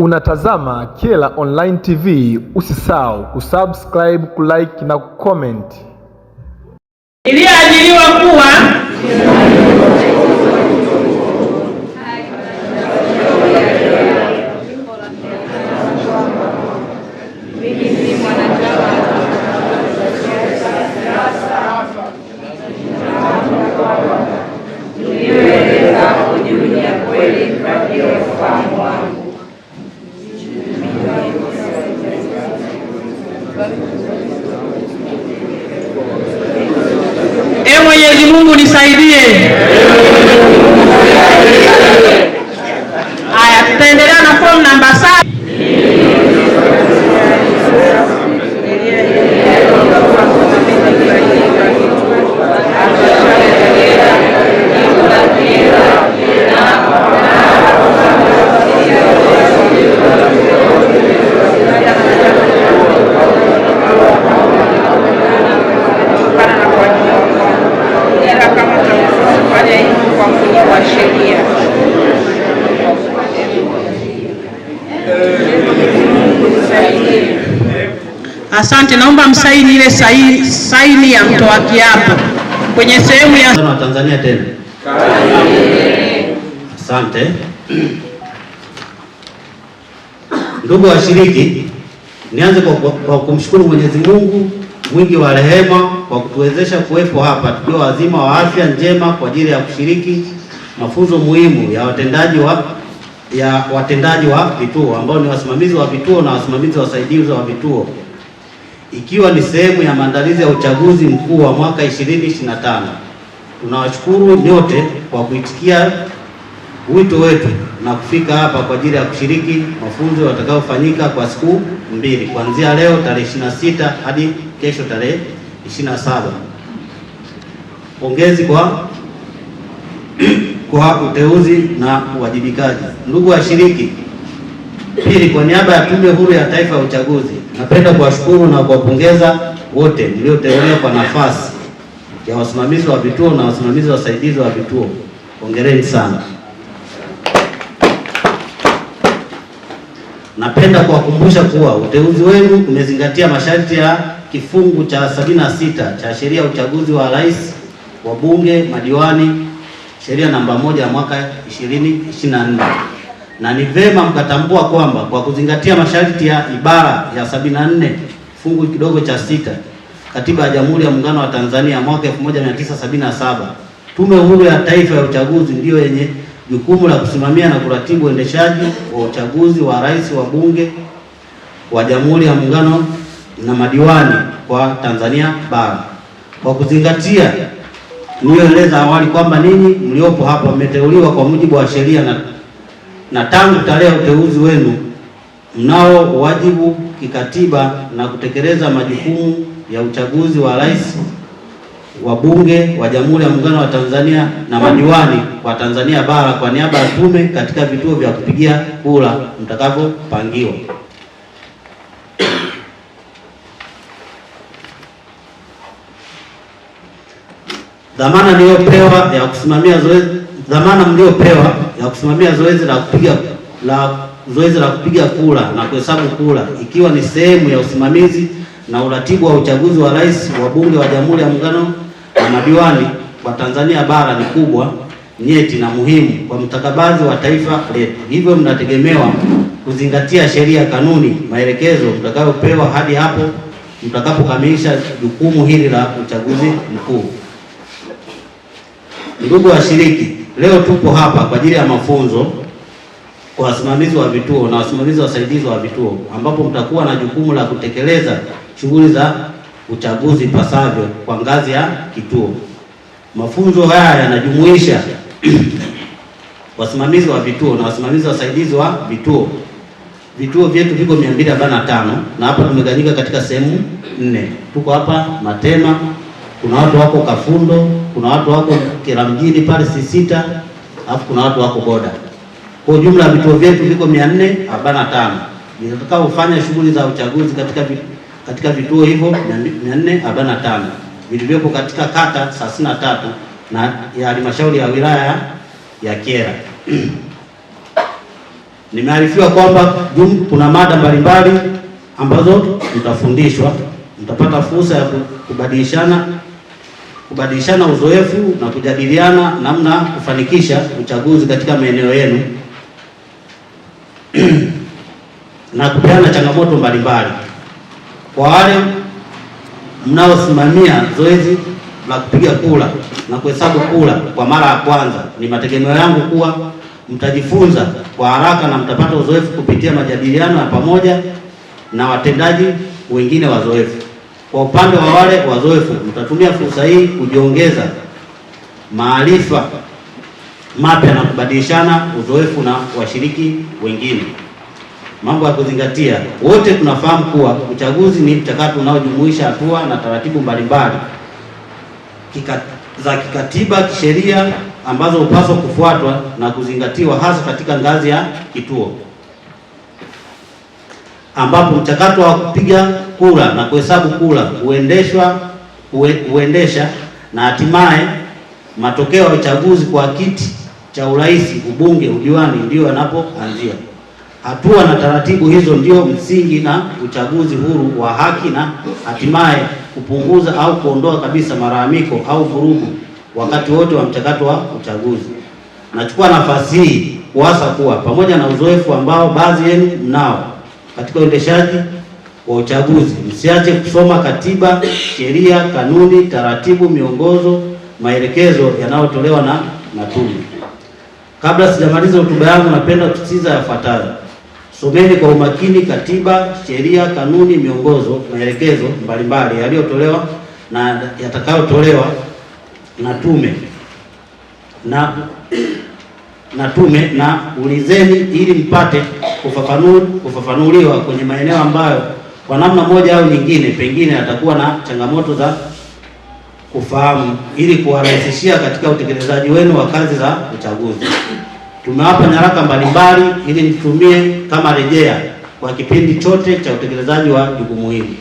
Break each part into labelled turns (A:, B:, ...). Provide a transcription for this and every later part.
A: Unatazama Kyela Online TV, usisahau kusubscribe, kulike na kucomment.
B: Iliyoajiriwa kuwa sheria. Asante, naomba msaini ile saini, saini ya mtoa kiapo kwenye sehemu
C: ya Tanzania tena. Asante. Ndugu washiriki, nianze kwa, kwa kumshukuru Mwenyezi Mungu mwingi wa rehema kwa kutuwezesha kuwepo hapa tukiwa wazima wa afya njema kwa ajili ya kushiriki mafunzo muhimu ya watendaji wa ya watendaji wa vituo ambao ni wasimamizi wa vituo na wasimamizi wasaidizi wa vituo ikiwa ni sehemu ya maandalizi ya uchaguzi mkuu wa mwaka 2025. Tunawashukuru nyote kwa kuitikia wito wetu na kufika hapa kwa ajili ya kushiriki mafunzo yatakayofanyika kwa siku mbili kuanzia leo tarehe 26 hadi kesho tarehe 27. Pongezi kwa kwa uteuzi na uwajibikaji. Ndugu washiriki, pili, kwa niaba ya Tume Huru ya Taifa ya Uchaguzi napenda kuwashukuru na kuwapongeza wote mlioteuliwa kwa nafasi ya wasimamizi wa vituo na wasimamizi wasaidizi wa vituo. Hongereni sana. Napenda kuwakumbusha kuwa uteuzi wenu umezingatia masharti ya kifungu cha 76 cha sheria ya uchaguzi wa rais, wabunge, madiwani sheria namba moja ya mwaka 2024 na ni vema mkatambua kwamba kwa kuzingatia masharti ya ibara ya 74 fungu kidogo cha sita katiba ya Jamhuri ya Muungano wa Tanzania mwaka 1977 Tume Huru ya Taifa ya Uchaguzi ndiyo yenye jukumu la kusimamia na kuratibu uendeshaji wa uchaguzi wa rais wa bunge wa Jamhuri ya Muungano na madiwani kwa Tanzania bara kwa kuzingatia niyoeleza awali kwamba ninyi mliopo hapa mmeteuliwa kwa mujibu wa sheria na, na tangu tarehe ya uteuzi wenu mnao wajibu kikatiba na kutekeleza majukumu ya uchaguzi wa rais, wa bunge wa Jamhuri ya Muungano wa Tanzania na madiwani wa Tanzania bara kwa niaba ya tume katika vituo vya kupigia kura mtakavyopangiwa. dhamana niliyopewa ya kusimamia zoezi dhamana mliopewa ya kusimamia zoezi la kupiga la zoezi la kupiga kura na kuhesabu kura ikiwa ni sehemu ya usimamizi na uratibu wa uchaguzi wa rais wa bunge wa Jamhuri ya Muungano wa madiwani wa Tanzania bara ni kubwa, nyeti na muhimu kwa mtakabazi wa taifa letu. Hivyo mnategemewa kuzingatia sheria, kanuni, maelekezo mtakayopewa hadi hapo mtakapokamilisha jukumu hili la uchaguzi mkuu. Ndugu washiriki, leo tupo hapa kwa ajili ya mafunzo kwa wasimamizi wa vituo na wasimamizi wasaidizi wa vituo, ambapo mtakuwa na jukumu la kutekeleza shughuli za uchaguzi pasavyo kwa ngazi ya kituo. Mafunzo haya yanajumuisha wasimamizi wa vituo na wasimamizi wasaidizi wa vituo. Vituo vyetu viko 245 na hapa tumeganyika katika sehemu nne. Tuko hapa Matema kuna watu wako Kafundo, kuna watu wako Kira mjini pale Sisita, alafu kuna watu wako boda. Kwa jumla ya vituo vyetu viko 445 kufanya shughuli za uchaguzi katika katika vituo hivyo 445 vilivyopo katika kata 33 na ya halmashauri ya wilaya ya Kyela. Nimearifiwa kwamba kuna mada mbalimbali ambazo mtafundishwa, mtapata fursa ya kubadilishana kubadilishana uzoefu na kujadiliana namna kufanikisha uchaguzi katika maeneo yenu na kupeana changamoto mbalimbali. Kwa wale mnaosimamia zoezi la kupiga kura na kuhesabu kura kwa mara ya kwanza, ni mategemeo yangu kuwa mtajifunza kwa haraka na mtapata uzoefu kupitia majadiliano ya pamoja na watendaji wengine wazoefu. Kwa upande wa wale wazoefu, mtatumia fursa hii kujiongeza maarifa mapya na kubadilishana uzoefu na washiriki wengine. Mambo ya kuzingatia: wote tunafahamu kuwa uchaguzi ni mchakato unaojumuisha hatua na taratibu mbalimbali kika, za kikatiba, kisheria ambazo hupaswa kufuatwa na kuzingatiwa hasa katika ngazi ya kituo ambapo mchakato wa kupiga kura na kuhesabu kura huendeshwa huendesha na hatimaye matokeo ya uchaguzi kwa kiti cha urais, ubunge, udiwani ndio yanapoanzia. Hatua na taratibu hizo ndio msingi na uchaguzi huru wa haki na hatimaye kupunguza au kuondoa kabisa malalamiko au vurugu wakati wote wa mchakato wa uchaguzi. Nachukua nafasi hii kuasa kuwa pamoja na uzoefu ambao baadhi yenu mnao katika uendeshaji wa uchaguzi. Msiache kusoma katiba, sheria, kanuni, taratibu, miongozo, maelekezo yanayotolewa na tume Kabla sijamaliza hotuba yangu, napenda kusisitiza yafuatayo: someni kwa umakini katiba, sheria, kanuni, miongozo, maelekezo mbalimbali yaliyotolewa na yatakayotolewa na tume na na tume na ulizeni ili mpate kufafanuliwa kwenye maeneo ambayo kwa namna moja au nyingine, pengine atakuwa na changamoto za kufahamu, ili kuwarahisishia katika utekelezaji wenu wa kazi za uchaguzi. Tumewapa nyaraka mbalimbali ili nitumie kama rejea kwa kipindi chote cha utekelezaji wa jukumu hili.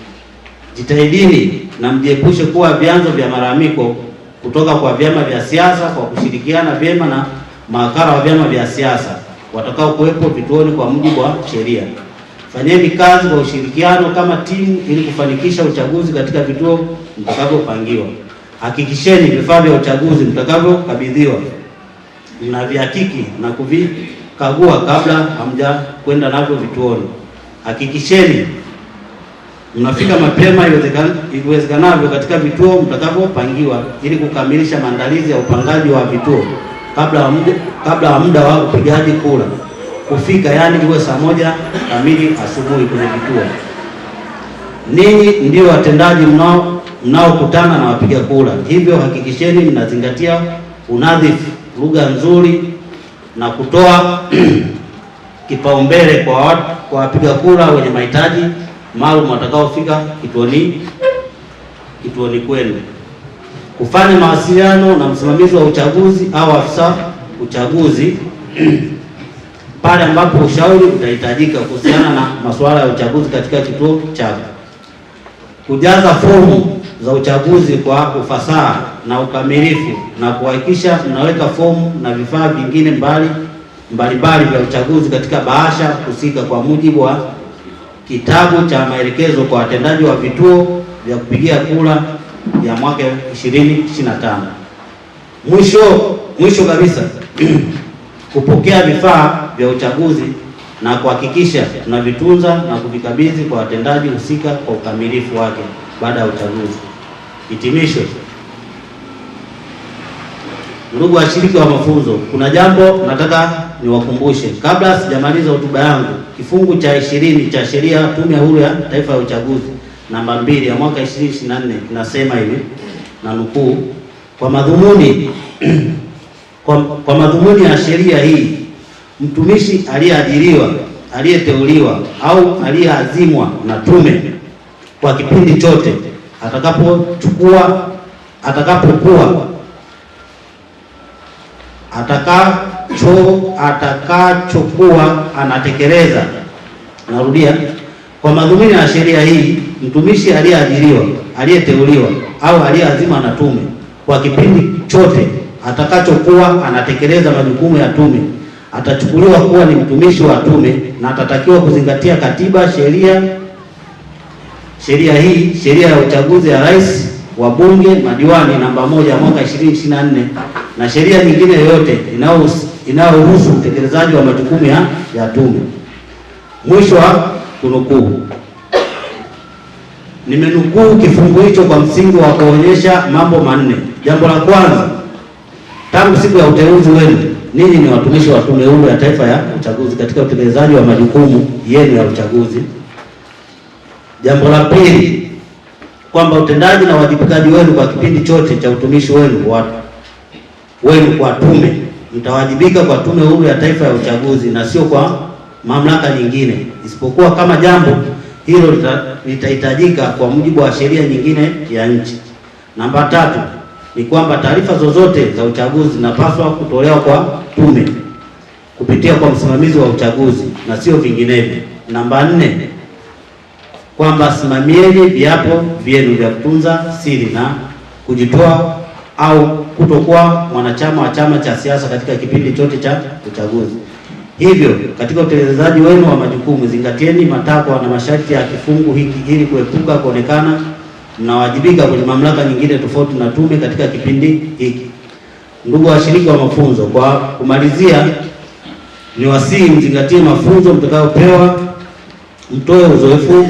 C: Jitahidini na mjiepushe kuwa vyanzo vya malalamiko kutoka kwa vyama vya siasa kwa kushirikiana vyema na mawakala wa vyama vya siasa watakao kuwepo vituoni kwa mujibu wa sheria. Fanyeni kazi kwa ushirikiano kama timu ili kufanikisha uchaguzi katika vituo mtakavyopangiwa. Hakikisheni vifaa vya uchaguzi mtakavyokabidhiwa mnavihakiki na kuvikagua kabla hamja kwenda navyo vituoni. Hakikisheni mnafika mapema iwezekanavyo katika vituo mtakavyopangiwa ili kukamilisha maandalizi ya upangaji wa vituo kabla ya muda wa upigaji kura kufika, yaani iwe saa moja kamili asubuhi kwenye kituo. Ninyi ndio watendaji mnao mnaokutana na wapiga kura, hivyo hakikisheni mnazingatia unadhifu, lugha nzuri na kutoa kipaumbele kwa watu, kwa wapiga kura wenye mahitaji maalum watakaofika kituoni kituoni kwenu. Kufanya mawasiliano na msimamizi wa uchaguzi au afisa uchaguzi pale ambapo ushauri utahitajika kuhusiana na masuala ya uchaguzi katika kituo chako, kujaza fomu za uchaguzi kwa ufasaha na ukamilifu na kuhakikisha mnaweka fomu na vifaa vingine mbali mbalimbali vya uchaguzi katika bahasha husika kwa mujibu wa kitabu cha maelekezo kwa watendaji wa vituo vya kupigia kura ya mwaka 2025. Mwisho mwisho kabisa kupokea vifaa vya uchaguzi na kuhakikisha tunavitunza na kuvikabidhi kwa watendaji husika kwa ukamilifu wake baada ya uchaguzi. Hitimisho. Ndugu washiriki wa mafunzo, kuna jambo nataka niwakumbushe kabla sijamaliza hotuba yangu. Kifungu cha ishirini cha sheria Tume ya Huru ya Taifa ya Uchaguzi namba mbili ya mwaka 2024 inasema hivi na nukuu, kwa madhumuni kwa, kwa madhumuni ya sheria hii mtumishi aliyeajiriwa, aliyeteuliwa au aliyeazimwa na tume kwa kipindi chote atakapochukua atakapokuwa atakacho atakachokuwa anatekeleza, narudia, kwa madhumuni ya sheria hii, mtumishi aliyeajiriwa, aliyeteuliwa au aliyeazimwa na tume kwa kipindi chote atakachokuwa anatekeleza majukumu ya tume atachukuliwa kuwa ni mtumishi wa tume na atatakiwa kuzingatia katiba, sheria sheria hii sheria ya uchaguzi ya rais wa bunge madiwani namba moja mwaka 2024 na sheria nyingine yoyote inayohusu utekelezaji wa majukumu ya, ya tume. Mwisho wa kunukuu. Nimenukuu kifungu hicho kwa msingi wa kuonyesha mambo manne. Jambo la kwanza, tangu siku ya uteuzi wenu ninyi ni watumishi wa Tume Huru ya Taifa ya Uchaguzi katika utekelezaji wa majukumu yenu ya uchaguzi. Jambo la pili, kwamba utendaji na uwajibikaji wenu kwa kipindi chote cha utumishi wenu wa wenu kwa tume, mtawajibika kwa Tume Huru ya Taifa ya Uchaguzi na sio kwa mamlaka nyingine, isipokuwa kama jambo hilo litahitajika kwa mujibu wa sheria nyingine ya nchi. Namba tatu ni kwamba taarifa zozote za uchaguzi zinapaswa kutolewa kwa tume kupitia kwa msimamizi wa uchaguzi na sio vinginevyo. Namba nne, kwamba simamieni viapo vyenu vya kutunza siri na kujitoa au kutokuwa mwanachama wa chama cha siasa katika kipindi chote cha uchaguzi. Hivyo katika utekelezaji wenu wa majukumu, zingatieni matakwa na masharti ya kifungu hiki ili kuepuka kuonekana mnawajibika kwenye mamlaka nyingine tofauti na tume katika kipindi hiki. Ndugu washiriki wa mafunzo, kwa kumalizia, ni wasihi mzingatie mafunzo mtakayopewa, mtoe uzoefu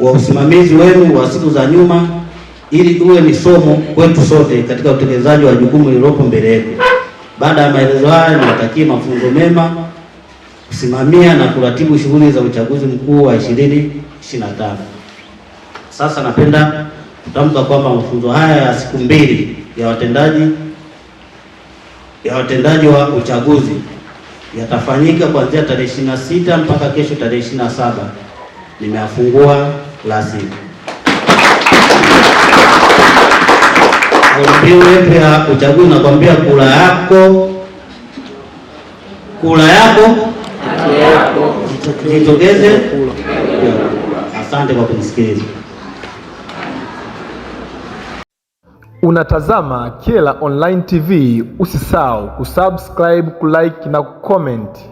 C: wa usimamizi wenu wa siku za nyuma ili uwe ni somo kwetu sote katika utekelezaji wa jukumu lililopo mbele yetu. Baada ya maelezo haya, niwatakie mafunzo mema kusimamia na kuratibu shughuli za uchaguzi mkuu wa 2025. Sasa napenda kutamka kwamba mafunzo haya ya siku mbili ya watendaji ya watendaji wa uchaguzi yatafanyika kuanzia tarehe 26 mpaka kesho tarehe 27. Nimeafungua rasmi mbiu ya uchaguzi,
A: nakwambia kula yako, kula yako jitokeze. Asante kwa kunisikiliza. Unatazama Kyela Online TV, usisahau kusubscribe, kulike na kucomment.